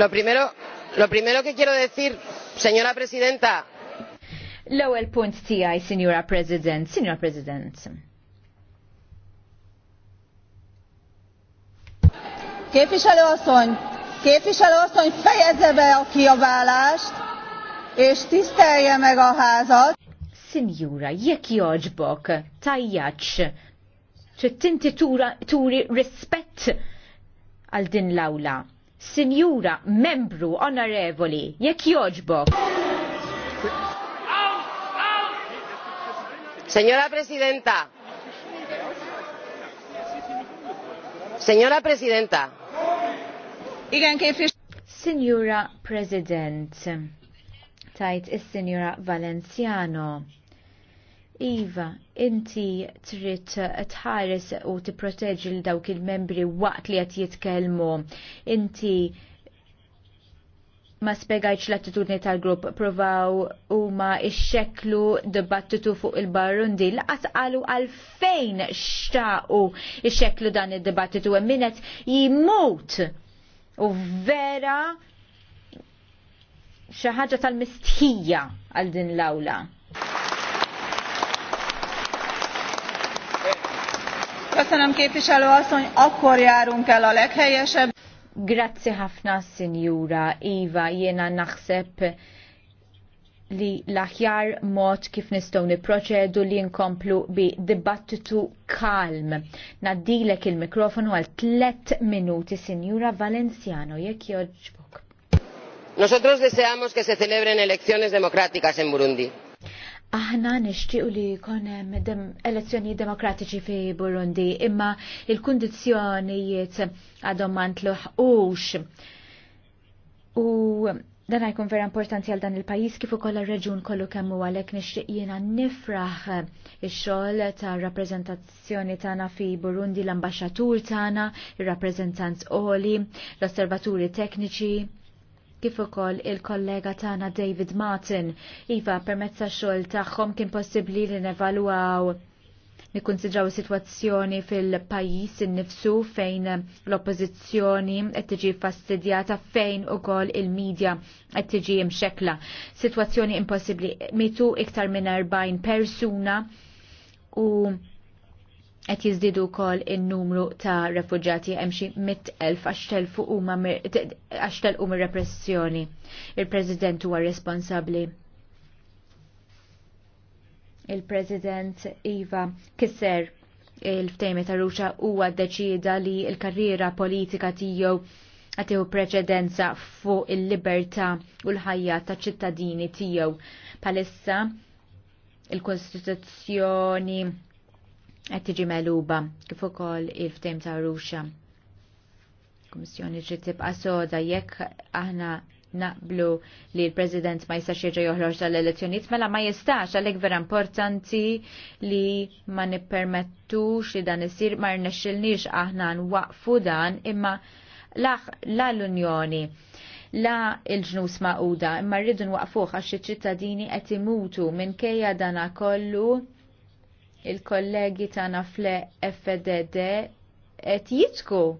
Lo primero, lo primero que quiero decir, señora presidenta. L-ewwel punt tiegħi, Sinjura President, Sinjura President. Képviselő asszony, képviselő asszony fejezze be a kiabálást, és tisztelje meg a házat. Sinjura, jekk joġbok, tajjaċ, ċittinti turi rispett għal din l-awla. Signora membru onorevoli, jekk joġbok. Signora Presidenta. Signora Presidenta. Igen kif Signora President. Tajt is-Signora Valenciano. Iva, inti trid tħares u tipproteġi l dawk il-membri waqt li qed jitkellmu. Inti ma spiegajċ l-attitudni tal-grupp provaw u ma ixxeklu dibattitu fuq il barrundi Laqas qalu għalfejn xtaqu ixxeklu dan id-dibattitu minnet jimut u vera xaħġa tal-mistħija għal din l-awla. Köszönöm képviselő asszony, akkor járunk el a leghelyesebb. Grazie hafna, signora Iva, jena naħseb li laħjar aħjar mod kif nistgħu niproċedu li nkomplu bi dibattitu kalm. Naddilek il-mikrofonu għal tlet minuti, signora Valenciano, jekk joġbok. Nosotros deseamos que se celebren elecciones democráticas en Burundi. Aħna nixtiequ li jkun hemm dem elezzjoni demokratiċi fi Burundi, imma il-kundizzjonijiet għadhom ma ntluħqux. U dan jkun vera importanti għal dan il-pajjiż kif ukoll ir-reġun kollu kemm huwa għalhekk nixtieq jiena nifraħ ix-xogħol ta' rappreżentazzjoni tagħna fi Burundi l-ambaxxatur tagħna, ir-rappreżentant qoli, l-osservaturi tekniċi, kif ukoll il-kollega tagħna David Martin. Iva, permezza xogħol tagħhom kien possibbli li nevalwaw nikkunsidraw situazzjoni fil pajjiż innifsu fejn l oppożizzjoni qed tiġi fastidjata fejn ukoll il-medja qed tiġi mxekla. Situazzjoni impossibbli mitu iktar minn 40 persuna u qed jiżdiedu wkoll in-numru ta' refuġjati hemm xi mitelf għax huma għax mir-repressjoni. Il-President huwa responsabbli. Il-President Iva kisser il ftejmet ta' Ruċa huwa ddeċida li l-karriera politika tiegħu għatiju preċedenza fuq il-libertà u l-ħajja ta' ċittadini tiegħu. Palissa il-Kostituzzjoni qed tiġi meluba kif ukoll il-ftehim ta' Ruxa. Kummissjoni trid tibqa' soda jekk aħna naqblu li l-President ma jistax jirġa joħroġ tal-elezzjoniet, mela ma jistax għalhekk vera importanti li ma nippermettux li dan isir ma rnexxilniex aħna nwaqfu dan imma la l-Unjoni la il-ġnus uda, imma rridu nwaqfuh għax iċ-ċittadini qed imutu kejja dana kollu il-kollegi ta' nafle fdd qed jitku.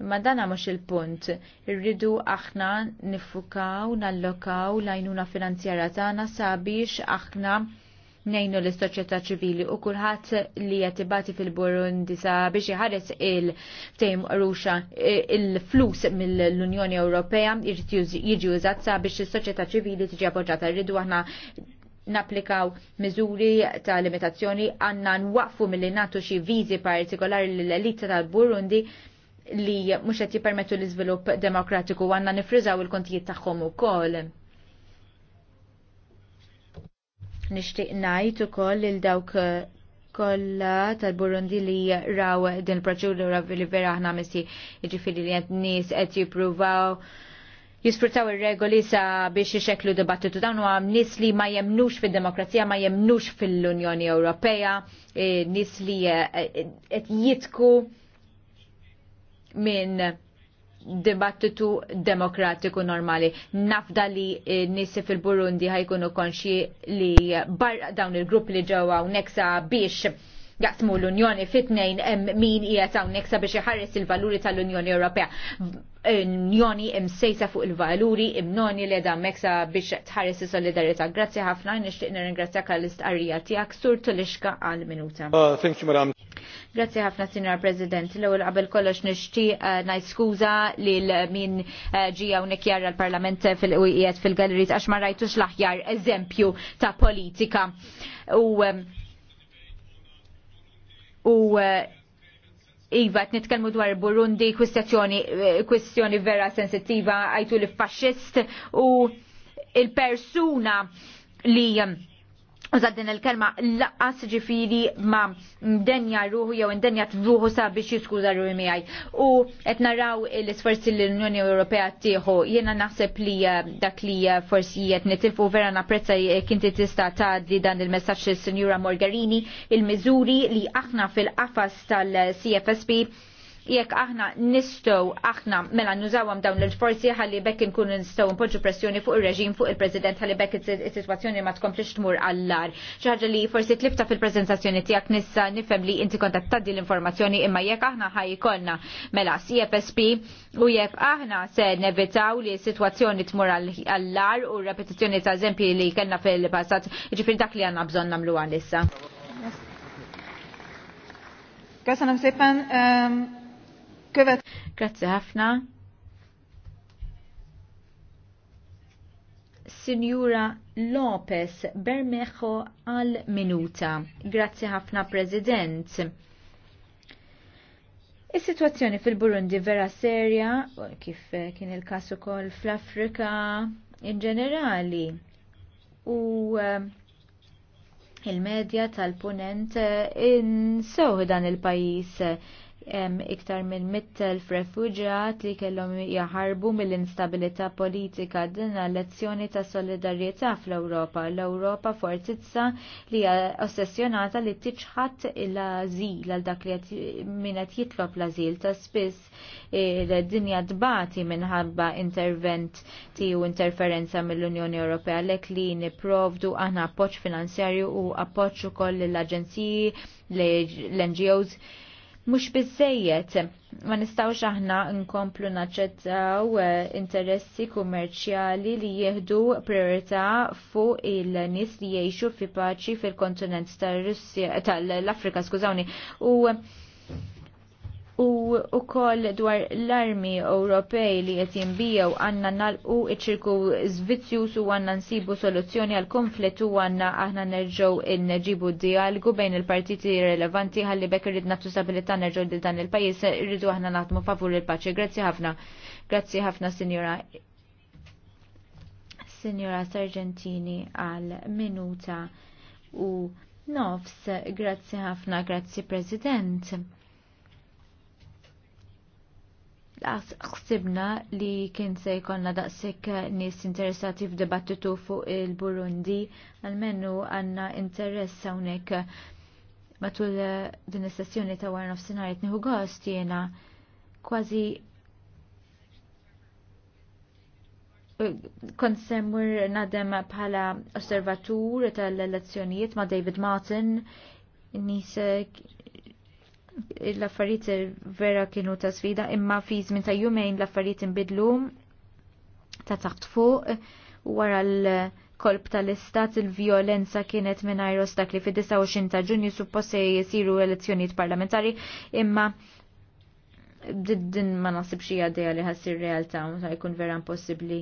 Ma dana mux il-punt. Irridu aħna nifukaw, nallokaw l-għajnuna finanzjara tagħna sabiex aħna nejnu l-istoċjetà ċivili u kulħadd li qed fil-Burundi sabiex iħares il tejm ruxa il-flus mill-Unjoni Ewropea jiġi użat sabiex is-soċjetà ċivili tiġi appoġġata. Rridu aħna naplikaw miżuri ta' limitazzjoni għanna nwaqfu mill-li natu xi viżi partikolari l-elita tal-Burundi li mhux qed jippermettu l-iżvilupp demokratiku għandna nifriżaw il-kontijiet tagħhom ukoll. Nixtieq ngħid ukoll il dawk kollha tal-Burundi li raw din il-proċedura li vera aħna missi jiġifieri li qed nies qed jippruvaw jisfruttaw ir-regoli sa biex ixeklu dibattitu dawn huwa nis li ma jemnux fil demokrazija ma jemnux fil-Unjoni Ewropea, e, nis li e, e, qed jitku minn dibattitu demokratiku normali. Nafda li nis fil-Burundi ħajkunu konxi li barra dawn il-grupp li ġewa u neksa biex jaqsmu l-Unjoni fit-tnejn hemm min qiegħed hawnhekk sabiex iħares il-valuri tal-Unjoni Ewropea. Unjoni imsejsa fuq il-valuri imnoni li da meksa biex tħares solidarita. Grazzi ħafna, nixtieq nirringrazzjak għall-istqarrija tiegħek sur tulixka għal-minuta. Uh, thank you, madam. Grazie ħafna, Sinar President. L-ewwel qabel kollox nixtieq uh, ngħid skuża lil min uh, ġi hawnhekk jarra l-Parlament fil-qiegħed fil-gallerit għax ma rajtux l-aħjar eżempju ta' politika. U um, u eh, Iva, t-nitkelmu dwar Burundi, eh, kwistjoni vera sensittiva, għajtu li fascist u il-persuna li eh, Użad din il-kelma laqqas ġifiri ma mdenja ruħu jew t ruħu sa biex jiskuza ruħi miħaj. U qed naraw l-isforzi l-Unjoni Ewropea tieħu. Jiena naħseb li eh, dak li eh, forsi qed nitilfu vera napprezza eh, kinti tista' tgħaddi dan il-messaġġ s sinjura Morgarini il-miżuri li aħna fil-qafas tal-CFSP jekk aħna nistgħu aħna mela nużawam dawn l-forzi ħalli bekk inkunu nistgħu npoġġu pressjoni fuq ir-reġim fuq il-President ħalli bekk is-sitwazzjoni ma tkomplix tmur għall-lar. Xi ħaġa li forsi tlifta fil-preżentazzjoni tiegħek nissa nifhem li inti kont tgħaddi l-informazzjoni imma jekk aħna ħajkolna mela CFSP u jekk aħna se nevitaw li s-sitwazzjoni tmur għall-lar u repetizzjoni ta' eżempji li kellna fil-passat, ġifir dak li għandna bżonn nagħmluha nissa. Köszönöm szépen. Um, Követ. Grazzi ħafna. Signora Lopez Bermejo għal minuta. Grazzi ħafna President. Is-sitwazzjoni fil-Burundi vera serja, kif eh, kien il-kas ukoll fl-Afrika in ġenerali. U eh, il-medja tal-punent eh, insew dan il-pajis iktar minn mittel refuġjat li kellhom jaħarbu mill-instabilità politika din lezzjoni ta' solidarjetà fl-Ewropa. L-Ewropa fortizza li hija ossessjonata li tiċħat l-azil għal dak li min qed jitlob l-azil ta' spiss id-dinja dbati minħabba intervent tiegħu interferenza mill-Unjoni Ewropea lek li nipprovdu aħna appoġġ finanzjarju u appoġġ ukoll l-aġenziji l-NGOs mhux biżejjed ma nistgħux aħna nkomplu naċċettaw eh, interessi kummerċjali li jieħdu priorità fuq il-nies li jgħixu fi paċi fil-kontinent tal-Russja tal-Afrika, skużawni, u u ukoll dwar l-armi Ewropej li qed jinbijew għandna nalqu iċ-ċirku Svizzjus u għandna nsibu soluzzjoni għal konflitt u għandna aħna nerġgħu nġibu dialgu bejn il-partiti rilevanti ħalli bekk irrid nagħtu stabilità nerġgħu lil dan il-pajjiż irridu aħna naħdmu favur il-paċi. Grazzi ħafna. Grazzi ħafna Sinjora Sinjora Sargentini għal minuta u nofs. Grazzi ħafna, grazzi President ħsibna li kien se jkollna daqsik nies interessati f'dibattitu fuq il-Burundi, għalmenu għandna interess hawnhekk matul eh, din is-sessjoni ta' wara nofsinhar qed nieħu gost jiena kważi eh, kont semmur nadem bħala osservatur tal-elezzjonijiet ma' David Martin, nisek eh, l-affarijiet vera kienu ta' sfida imma fi żmien ta' jumejn l-affarijiet inbidlu ta' taħt fuq wara l-kolb tal-istat il-violenza kienet mingħajr ostakli fid-29 ta' Ġunju suppost se jisiru elezzjonijiet parlamentari imma din ma nasibx hija dejja li ħassir realtà ta' jkun vera impossibbli.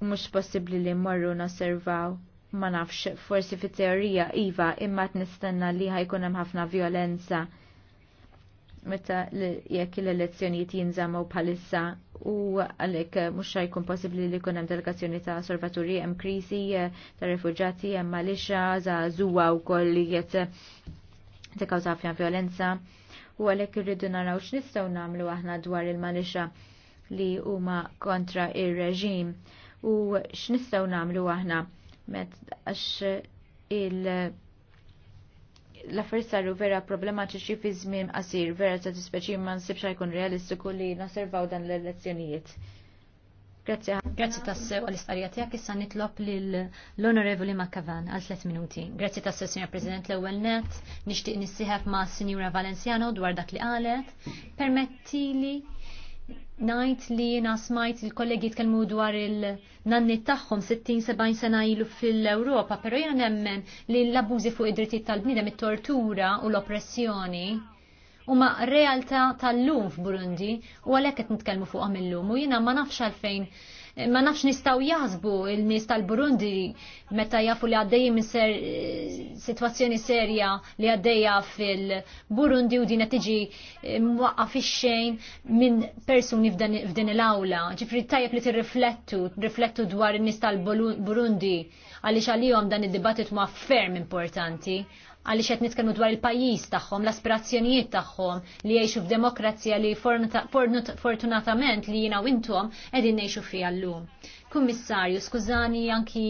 Mhux possibbli li mmorru naservaw ma nafx forsi fit-teorija iva imma t nistenna li ħajkun hemm ħafna violenza meta jekk l-elezzjonijiet jinżammu bħalissa u għalhekk mhux jkun possibbli li jkun hemm delegazzjoni ta' osservaturi hemm krisi eh, ta' refuġati hemm malixa za wkoll li qed tikkawża ħafna violenza u għalhekk irridu naraw x'nistgħu nagħmlu aħna dwar il-malixa li huma kontra ir-reġim u x'nistgħu nagħmlu aħna met għax il- l-affarijiet saru vera problematiċi fi żmien qasir, vera ta' tispeċi ma nsibx jkun realistiku li naservaw dan l-elezzjonijiet. Grazie. Grazie tassew għal-istqarija tiegħek issa nitlob lill-Onorevoli Makavan għal tliet minuti. Grazie tassew, Signor President, l-ewwel net nixtieq nissieħab ma' Sinjura Valenciano dwar dak li qalet. li najt li nasmajt il-kollegi tkellmu dwar il-nannit tagħhom 60-70 sena ilu fil-Ewropa, però jena nemmen li l-abużi fuq id-drittijiet tal-bniedem, it-tortura u l-oppressjoni huma realtà tal-lum f'Burundi u għalhekk qed nitkellmu fuqhom illum u jiena ma nafx għalfejn ma nafx nistaw jazbu il-nis tal-Burundi meta jafu li għaddej minn ser, situazzjoni serja li għaddejja fil-Burundi u din tiġi eh, mwaqqa fix-xejn minn persuni f'din il-awla. Ġifri tajjeb li tirriflettu, riflettu dwar in-nies tal-Burundi għaliex għalihom dan id-dibattit ma' ferm importanti għaliex qed nitkellmu dwar il-pajjiż tagħhom, l-aspirazzjonijiet tagħhom li jgħixu f'demokrazija li fortunatament li jina intom qegħdin ngħixu fiha llum. Kummissarju, skużani anki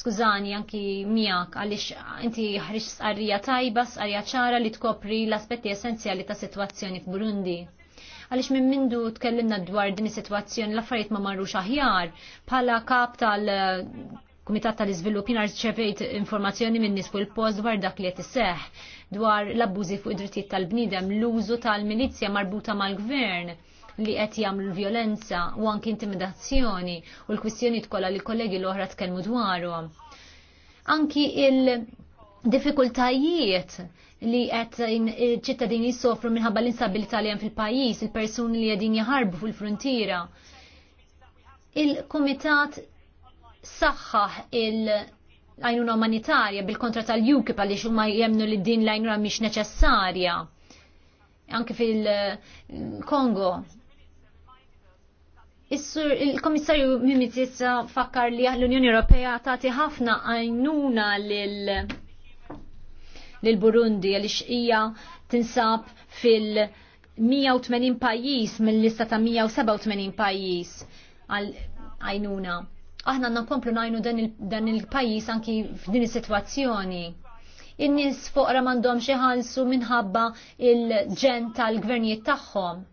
skużani anki miak għalix inti ħriġ s-arrija tajba, s-arrija ċara li tkopri l-aspetti essenzjali ta' situazzjoni f'Burundi. Għalix minn mindu tkellimna dwar din is-sitwazzjoni l-affarijiet ma marrux aħjar bħala kap tal Kumitat tal-Iżvilupp jiena rċevejt informazzjoni minn nies il-post dwar dak li qed iseħħ dwar l-abbużi fuq id-drittijiet tal-bniedem, l-użu tal-milizja marbuta mal-gvern li qed jagħmlu violenza u anke intimidazzjoni u l-kwistjoni kollha li kollegi l-oħra tkellmu dwarhom. Anki il-diffikultajiet li qed ċittadini jsofru minħabba l-instabilità li hemm fil-pajjiż, il-persuni li qegħdin jaħarbu fil-frontiera. Il-Kumitat saħħaħ il- għajnuna umanitarja bil-kontra tal-UKIP għaliex huma jemnu li din l-għajnuna mhix neċessarja. Anke fil-Kongo. Is-sur il-Komissarju Mimitizza fakkar li l-Unjoni Ewropea tagħti ħafna għajnuna lil Burundi għaliex hija tinsab fil- 180 pajjiż mill-lista ta' 187 pajjiż għajnuna aħna komplu najnu dan il-pajis il anki f'din is-sitwazzjoni. In-nies foqra m'għandhomx iħallsu minħabba il-ġen tal-gvernijiet tagħhom.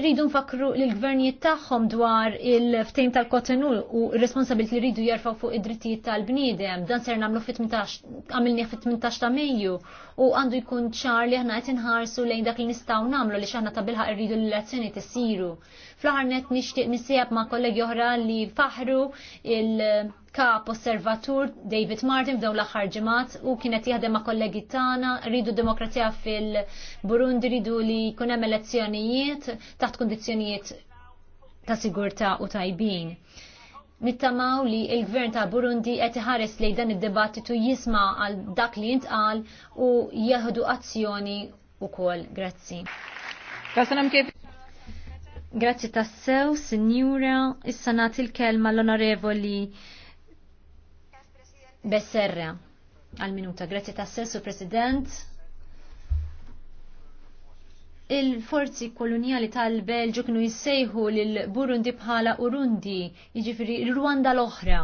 irridu nfakru l-gvernijiet tagħhom dwar il-ftejm tal-kotenu u r-responsabilt li rridu jarfaw fuq id-drittijiet tal-bniedem. Dan ser nagħmlu fit-18 għamilni fit-18 ta' Mejju u għandu jkun ċar li aħna qed inħarsu lejn dak li nistgħu nagħmlu li x'aħna ta' bilħaq irridu l-elezzjoni tisiru. Fl-aħħar net nixtieq nisieb ma' kollegi oħra li faħru il- kap osservatur David Martin f'dawn l-aħħar ġimgħat u kienet jaħdem ma' kollegi tagħna rridu demokrazija fil-Burundi rridu li jkun hemm elezzjonijiet taħt kundizzjonijiet ta' sigurtà u tajbin. Nittamaw li il-gvern ta' Burundi qed iħares li dan id-dibattitu jisma' għal dak li jintqal u jaħdu azzjoni wkoll. Grazzi. Grazzi tassew, Sinjura, issa nagħti l-kelma l-Onorevoli Besserra, għal-minuta. Grazie sessu, President. Il-forzi koloniali tal-Belġu kienu jissejħu lil-Burundi bħala Urundi, jiġifieri l rwanda l-oħra.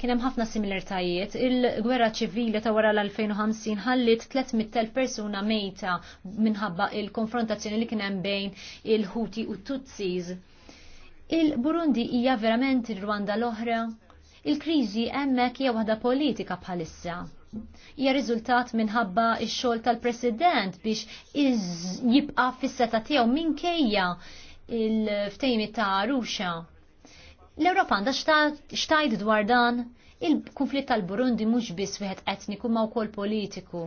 Kien hemm ħafna similartajiet. Il-gwerra ċivili ta' wara l-2050 ħallit 300.000 persuna mejta minħabba il-konfrontazzjoni li kien hemm bejn il-Huti u t Il-Burundi hija verament il-Rwanda l-oħra? Il-kriżi hemmhekk hija waħda politika bħalissa. Hija riżultat minħabba x-xogħol tal-President biex jibqa' fis-seta tiegħu minkejja il-ftejmi ta' Ruxa. L-Ewropa għandha x'tajt dwar dan? Il-konflitt tal-Burundi mhux biss wieħed etniku ma wkoll politiku.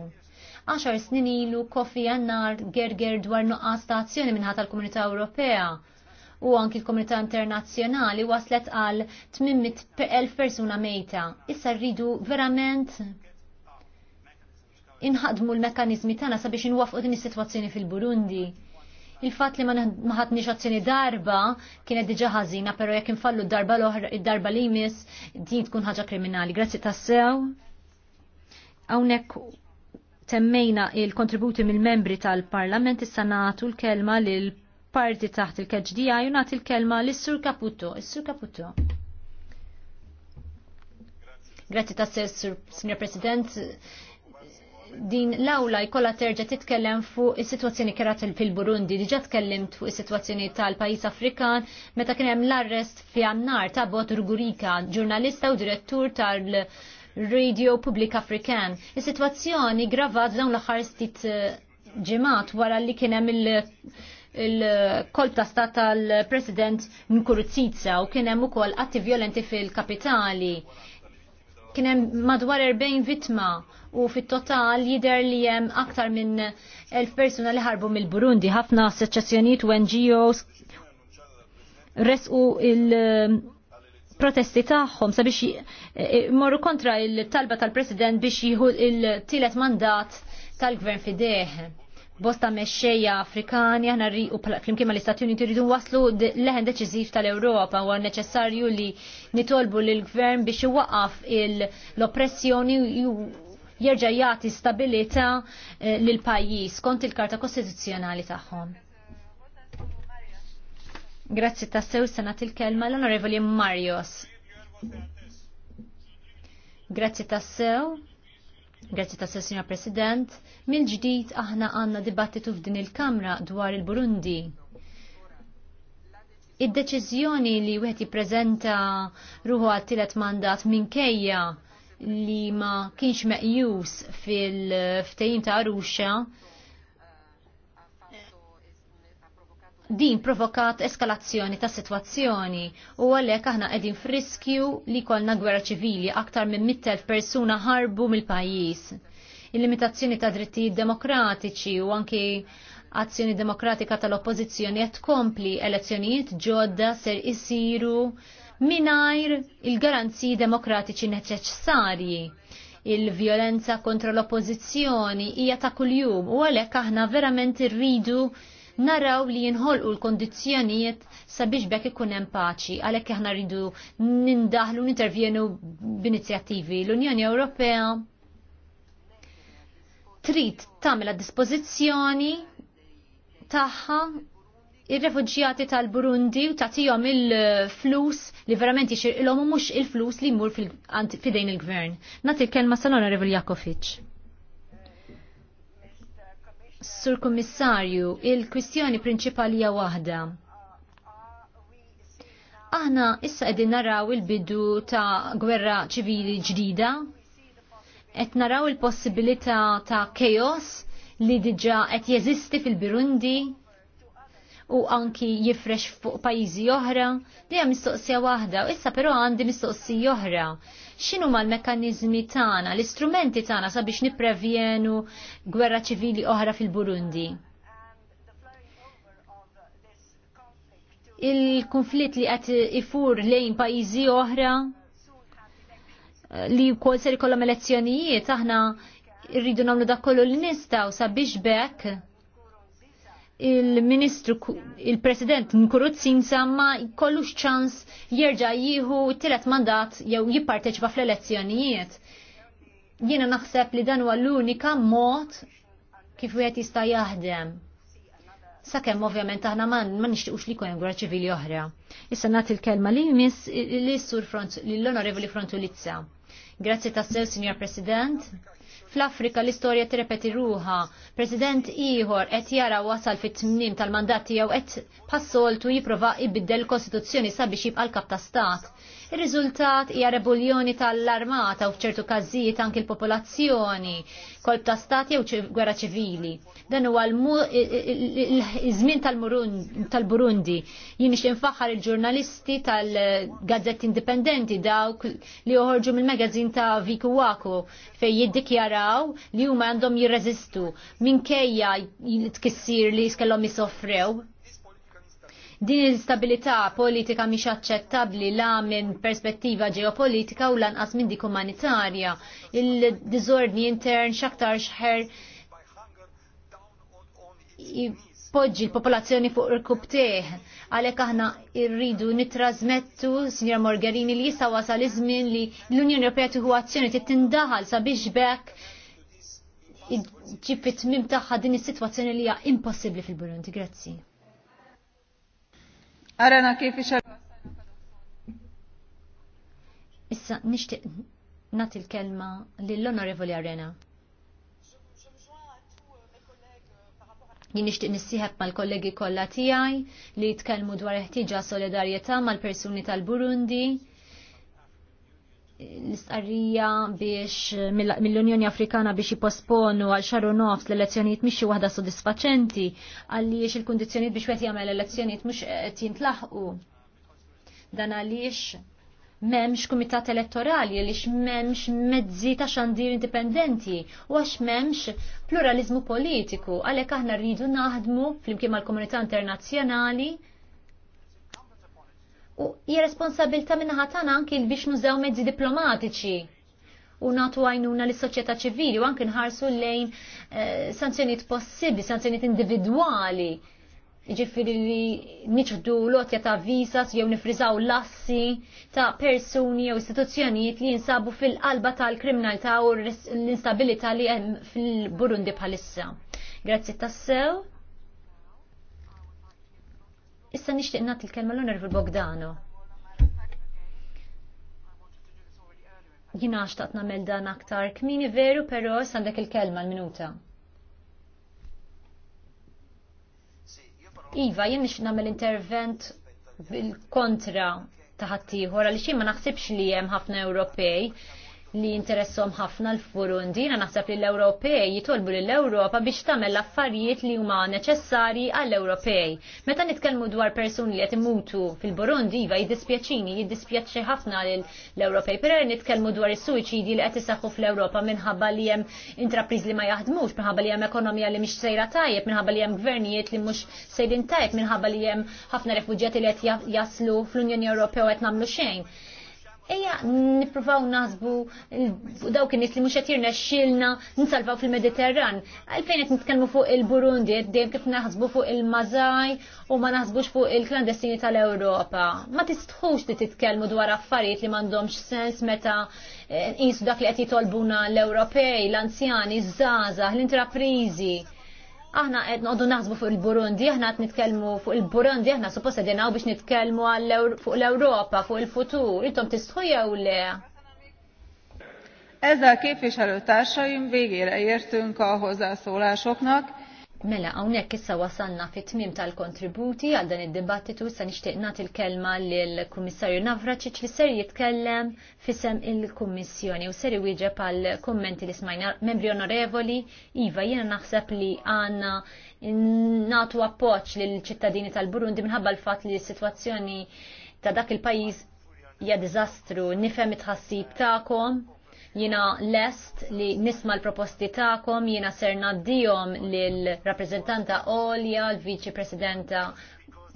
10 snin ilu Kofi Annar gerger dwar nuqqas ta' azzjoni minnħat tal-Komunità Ewropea u anki l-komunità internazzjonali waslet għal 800.000 persuna mejta. Issa rridu verament inħadmu l-mekanizmi tagħna sabiex nwafqu din is-sitwazzjoni fil-Burundi. Il-fatt li ma ħadniex azzjoni darba kienet diġa ħażina, però jekk infallu d-darba l-oħra id-darba li jmiss din tkun ħaġa kriminali. Grazzi tassew. Hawnhekk temmejna il-kontributi mill-membri tal-Parlament is-Senatu l-kelma lil parti taħt il-KHDI u nagħti il-kelma lis-Sur Caputo. Is-Sur Caputo. Grazzi ta' Sir President. Din l-awla jkollha terġa' titkellem fuq is-sitwazzjoni kerat fil-Burundi. Diġà tkellimt fuq is-sitwazzjoni tal-pajjiż Afrikan meta kien hemm l-arrest fi annar ta' Bot Rugurika, ġurnalista u direttur tal- Radio Public African. Is-sitwazzjoni gravat dawn l-aħħar stit eh, ġemat wara li kien hemm il- il-kolb ta' stat tal-President Nkurzica u kien hemm ukoll atti violenti fil-kapitali. Kien hemm madwar 40 vittma u fit-total jidher li hemm aktar minn 1000 persuna li ħarbu mill-Burundi, ħafna assoċjazzjonijiet u NGOs resqu il- protesti tagħhom sabiex morru kontra il-talba tal-President biex jieħu il-tielet mandat tal-Gvern fideħ bosta mexxejja Afrikani aħna u flimkien mal-Istati Uniti rridu waslu leħen deċiżiv tal-Ewropa u neċessarju li nitolbu l gvern biex iwaqaf l-oppressjoni jerġa' jagħti stabilita eh, l pajjiż kont il-Karta Kostituzzjonali tagħhom. Grazzi sew sanat il-kelma l-Onorevoli Marios. Grazzi tassew. Grazzi ta' Sessina President, mill-ġdid aħna għanna dibattitu f'din il-Kamra dwar il-Burundi. Id-deċiżjoni li wieħed jippreżenta ruħu għal tielet mandat minkejja li ma kienx meqjus fil ftejim ta' Arusha din provokat eskalazzjoni ta' situazzjoni u għalhekk aħna qegħdin friskju li kolna gwerra ċivili aktar minn 100,000 persuna ħarbu mill-pajjiż. Il-limitazzjoni ta' drittijiet demokratiċi u anki azzjoni demokratika tal-oppożizzjoni qed tkompli elezzjonijiet ġodda ser isiru minajr il-garanziji demokratiċi neċessarji il-violenza kontra l-oppozizjoni hija ta' kuljum u għalhekk aħna verament irridu naraw li jinħolqu l-kondizzjonijiet sabiex bekk ikun hemm paċi għalhekk aħna rridu nindaħlu nintervjenu b'inizjattivi. L-Unjoni Ewropea trid tagħmel dispożizzjoni tagħha ir-refuġjati tal-Burundi u tagħtihom il-flus li verament jixirqilhom u mhux il-flus li jmur fidejn il-gvern. Nagħti l-kelma sal-Onorevoli Jakovic. Sur Kummissarju, il-kwistjoni prinċipali hija waħda. Aħna issa qegħdin naraw il-bidu ta' gwerra ċivili ġdida, qed naraw il-possibilità ta' chaos li diġà qed jeżisti fil-Birundi u anki jifrex fuq pajjiżi oħra, dejja mistoqsija waħda, issa però għandi mistoqsija oħra ma l mekkaniżmi tagħna, l-istrumenti tagħna sabiex niprevjenu gwerra ċivili oħra fil-Burundi. Il-konflitt li qed ifur lejn pajjiżi oħra li wkoll ser ikollhom elezzjonijiet aħna rridu nagħmlu dak kollu li nistgħu sabiex bekk il-ministru, il-president Nkuruzzin samma kollux ċans jerġa jieħu tiret mandat jew jipparteċipa fl-elezzjonijiet. Jiena naħseb li dan huwa l-unika mod kif wieħed jista' jaħdem. Sakemm ovvjament aħna ma nixtiequx li jkun hemm gwerra ċivili oħra. Issa nagħti l-kelma li jmiss li sur front l-Onorevoli Frontulizza. Grazzi tassew, Signor President. Fl-Afrika l-istorja tirrepeti ruha. President ieħor qed jara wasal fit-tmiem tal-mandat jew qed passoltu jipprova jbiddel kostituzzjoni sabiex jibqa' l-kap ta' stat. Ir-riżultat hija rebullioni tal-armata u f'ċertu każijiet anki l-popolazzjoni, kolb ta' stat jew gwerra ċivili. Dan huwa l-żmien tal-Burundi. Jien nixtieq il-ġurnalisti tal-gazzetti indipendenti dawk li joħorġu mill-magazin il-ħin ta' viku waku fej jiddikjaraw li huma għandhom jirreżistu minkejja tkissir li jiskellhom jisofrew. Din l-istabilità politika mhix aċċettabbli la minn perspettiva ġeopolitika u lanqas minn dik umanitarja. Il-diżordni intern x'aktar xħer tpoġġi l-popolazzjoni fuq il-kubteħ. Għalek aħna irridu nitrasmettu, Signor Morgherini li jista' wasal iż-żmien li l-Unjoni Ewropea tieħu azzjoni tindaħal sabiex bekk ġib it-tmim tagħha din is-sitwazzjoni li hija impossibbli fil-Burundi. Grazzi. Arana kif Issa nixtieq nagħti l-kelma lill-Onorevoli Arena. jien nixtieq nissieħeb mal-kollegi kollha tiegħi li jitkellmu dwar ħtiġa solidarjetà mal-persuni tal-Burundi l-istqarrija biex mill-Unjoni Afrikana biex jiposponu għal xarru nofs l-elezzjonijiet mhix waħda sodisfaċenti għaliex il-kundizzjonijiet biex wieħed jagħmel elezzjonijiet mhux qed jintlaħqu. Dan għaliex memx kumitat elettorali, li memx mezzi ta' xandir indipendenti, u għax memx pluralizmu politiku, għalek aħna rridu naħdmu fl-imkien mal-komunità internazzjonali. U hija minna ħatana tagħna anki biex nużaw mezzi diplomatiċi u natu għajnuna l soċjetà ċivili u anki nħarsu lejn eh, sanzjoniet possibbli, sanzjoniet individwali ġifiri li niċħdu lotja ta' visas jew nifrizaw lassi ta' persuni jew istituzzjonijiet li jinsabu fil-qalba tal-kriminalità u l-instabilità li hemm fil-Burundi bħalissa. Grazzi tassew. Issa nixtieq nagħti il-kelma l fil Bogdano. Jina xtaqt namel dan aktar kmini veru, pero sandek il-kelma l-minuta. Iva, jien nix namel intervent bil-kontra taħattijħor, għalli xie ma naħsibx li jem ħafna Ewropej li interessom ħafna l-Furundi, na naħseb li l-Ewropej jitolbu li l-Ewropa biex tagħmel l-affarijiet li huma neċessari għall-Ewropej. Meta nitkellmu dwar persuni li qed imutu fil-Burundi iva jiddispjaċini, jiddispjaċi ħafna l-Ewropej, Perer nitkellmu dwar is-suwiċidi li qed isaħħu fl-Ewropa minħabba li hemm intrapriż li ma jaħdmux, minħabba li hemm ekonomija li mhix sejra tajjeb, minħabba li hemm gvernijiet li mhux sejrin tajjeb, minħabba li hemm ħafna refuġjati li qed jaslu fl-Unjoni Ewropea u qed nagħmlu xejn. Eja, nipruvaw nasbu dawk in li mhux qed jirnexxilna nsalvaw fil-Mediterran. Għalfejn qed nitkellmu fuq il-Burundi qed dejjem kif naħsbu fuq il mazaj u ma naħsbux fuq il-klandestini tal-Ewropa. Ma tistħux li titkellmu dwar affarijiet li m'għandhomx sens meta eh, nqisu dak li qed jitolbuna l europej l-anzjani, z żgħażagħ l-intrapriżi aħna qed noqogħdu naħsbu fuq il-Burundi, aħna qed nitkellmu fuq il-Burundi, aħna suppost qegħdin biex nitkellmu fuq l-Ewropa, fuq il-futur, intom tistħu jew le? Ezzel képviselőtársaim végére értünk a hozzászólásoknak. Mela, għawnek issa wasanna fit tmim tal-kontributi għal dan id-dibattitu issa nixtieq nagħti l-kelma lill-Kummissarju Navraċiċ li ser jitkellem fisem il-Kummissjoni u ser iwieġeb għal kummenti li smajna membri onorevoli. Iva, jiena naħseb li għandna natu appoġġ lill ċittadini tal-Burundi minħabba l-fatt li s-sitwazzjoni ta' dak il-pajjiż hija diżastru, nifhem it-ħassib tagħkom jina lest li nisma l-proposti ta'kom, jina serna dijom l-rappresentanta Olja, l-Viċi Presidenta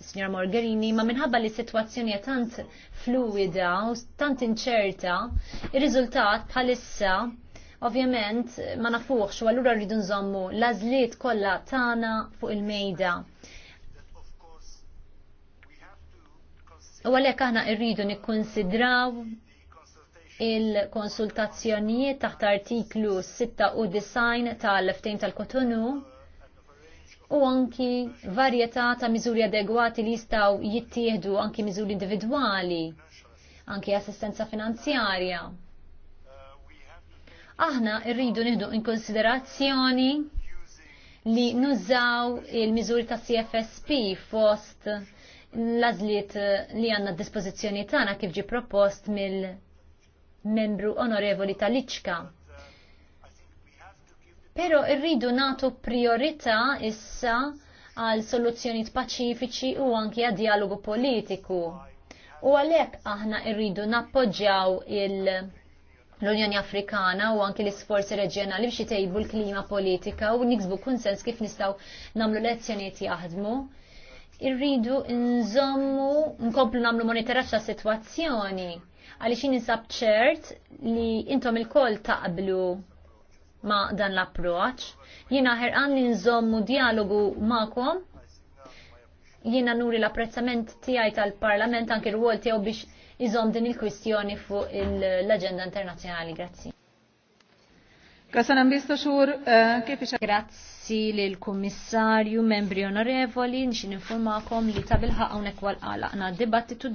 Signor Morgherini, ma minħabba li situazzjoni tant fluida u tant inċerta, il-riżultat bħalissa ovvjament ma nafuħx u għallura rridu nżommu lażliet kollha tagħna fuq il-mejda. U għalhekk aħna rridu nikkonsidraw il-konsultazzjonijiet taħt artiklu 96 tal-ftejn tal-Kotonu u anki varjetà ta' miżuri adegwati li jistaw jittieħdu anki miżuri individwali, anki assistenza finanzjarja. Aħna rridu nieħdu in konsiderazzjoni li nużaw il-miżuri ta' CFSP fost l-azliet li għanna dispozizjoni tana kif ġi propost mill membru onorevoli tal-Iċka. Pero irridu natu priorita issa għal soluzzjonijiet paċifiċi u anki għad dialogu politiku. U għalhekk aħna rridu nappoġġjaw l-Unjoni Afrikana u anki l-isforzi reġjonali biex jtejbu l-klima politika u niksbu konsens kif nistgħu nagħmlu lezzjonijiet jaħdmu irridu nżommu nkomplu namlu monitoraċ ta' situazzjoni għaliex jinsab ċert li intom il-koll taqblu ma' dan l-approċ. Jina ħerqan li nżommu dialogu ma'kom. Jina nuri l-apprezzament tiegħi tal-Parlament anki r-wol tiegħu biex iżom din il-kwistjoni fuq l-agenda internazzjonali. Grazzi. Kasanam xur eh, Kif képviselő. Grazzi l kummissarju membri onorevoli, nxin informakom li tabilħa għonek wal-għala. Na dibattitu